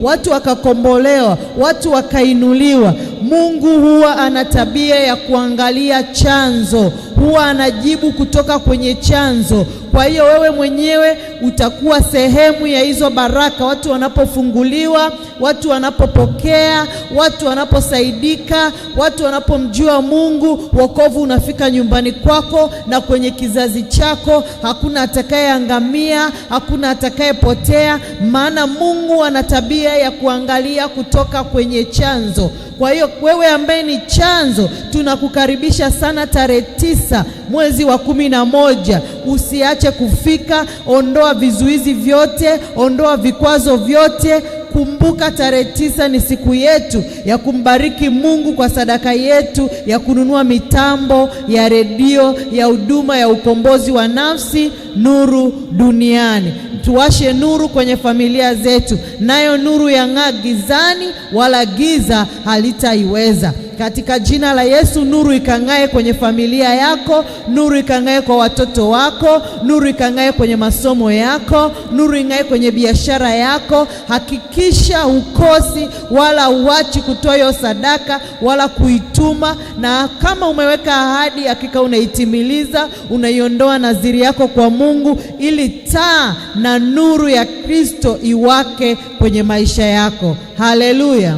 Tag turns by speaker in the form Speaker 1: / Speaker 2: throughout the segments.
Speaker 1: watu wakakombolewa, watu wakainuliwa. Mungu huwa ana tabia ya kuangalia chanzo, huwa anajibu kutoka kwenye chanzo. Kwa hiyo wewe mwenyewe utakuwa sehemu ya hizo baraka, watu wanapofunguliwa, watu wanapopokea, watu wanaposaidika, watu wanapomjua Mungu. Wokovu unafika nyumbani kwako na kwenye kizazi chako. Hakuna atakayeangamia, hakuna atakayepotea, maana Mungu ana tabia ya kuangalia kutoka kwenye chanzo. Kwa hiyo wewe ambaye ni chanzo, tunakukaribisha sana tarehe tisa mwezi wa kumi na moja usiache usiache kufika. Ondoa vizuizi vyote, ondoa vikwazo vyote. Kumbuka tarehe tisa ni siku yetu ya kumbariki Mungu kwa sadaka yetu ya kununua mitambo ya redio ya huduma ya ukombozi wa nafsi Nuru Duniani. Tuwashe nuru kwenye familia zetu, nayo nuru yang'aa gizani, wala giza halitaiweza. Katika jina la Yesu, nuru ikang'ae kwenye familia yako, nuru ikang'ae kwa watoto wako, nuru ikang'ae kwenye masomo yako, nuru ing'ae kwenye biashara yako. Hakikisha ukosi wala uachi kutoa hiyo sadaka wala kuituma, na kama umeweka ahadi, hakika unaitimiliza, unaiondoa nadhiri yako kwa Mungu, ili taa na nuru ya Kristo iwake kwenye maisha yako. Haleluya.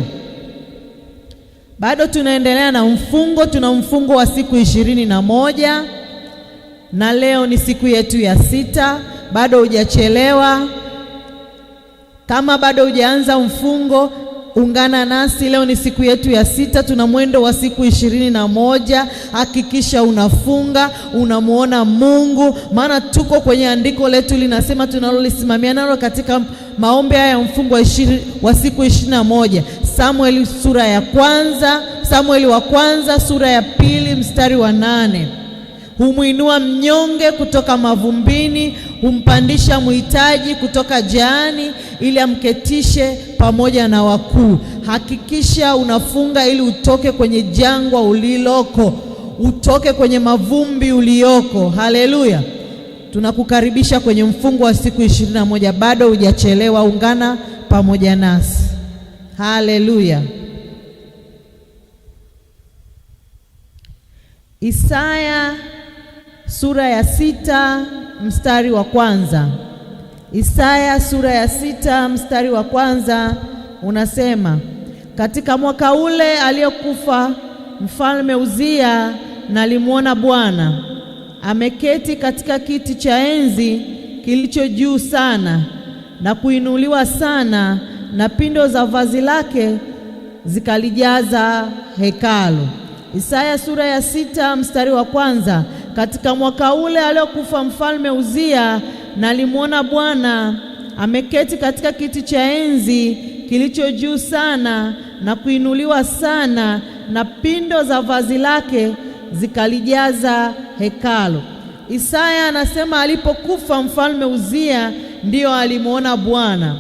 Speaker 1: Bado tunaendelea na mfungo, tuna mfungo wa siku ishirini na moja na leo ni siku yetu ya sita. Bado hujachelewa, kama bado hujaanza mfungo Ungana nasi leo, ni siku yetu ya sita, tuna mwendo wa siku ishirini na moja. Hakikisha unafunga unamwona Mungu, maana tuko kwenye andiko letu linasema tunalolisimamia nalo katika maombi haya ya mfungo wa siku ishirini na moja, Samueli sura ya kwanza, Samueli wa kwanza sura ya pili mstari wa nane. Humwinua mnyonge kutoka mavumbini, humpandisha mhitaji kutoka jaani, ili amketishe pamoja na wakuu. Hakikisha unafunga ili utoke kwenye jangwa uliloko, utoke kwenye mavumbi ulioko Haleluya! Tunakukaribisha kwenye mfungo wa siku ishirini na moja. Bado hujachelewa, ungana pamoja nasi. Haleluya.
Speaker 2: Isaya sura ya sita mstari wa kwanza. Isaya sura ya sita mstari wa kwanza unasema, katika mwaka ule aliyokufa mfalme Uzia, nalimwona Bwana ameketi katika kiti cha enzi kilicho juu sana na kuinuliwa sana na pindo za vazi lake zikalijaza hekalu. Isaya sura ya sita mstari wa kwanza. Katika mwaka ule aliokufa mfalme Uzia, nalimwona Bwana ameketi katika kiti cha enzi kilicho juu sana na kuinuliwa sana, na pindo za vazi lake zikalijaza hekalu. Isaya anasema alipokufa mfalme Uzia ndiyo alimwona Bwana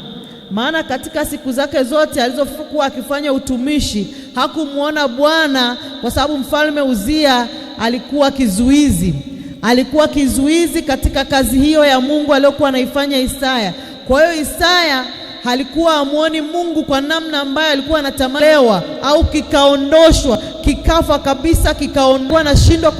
Speaker 2: maana katika siku zake zote alizokuwa akifanya utumishi hakumwona Bwana, kwa sababu mfalme Uzia alikuwa kizuizi, alikuwa kizuizi katika kazi hiyo ya Mungu aliyokuwa anaifanya Isaya. Kwa hiyo Isaya halikuwa amwoni Mungu kwa namna ambayo alikuwa anatamalewa au kikaondoshwa, kikafa kabisa, kikaondoa, nashindwa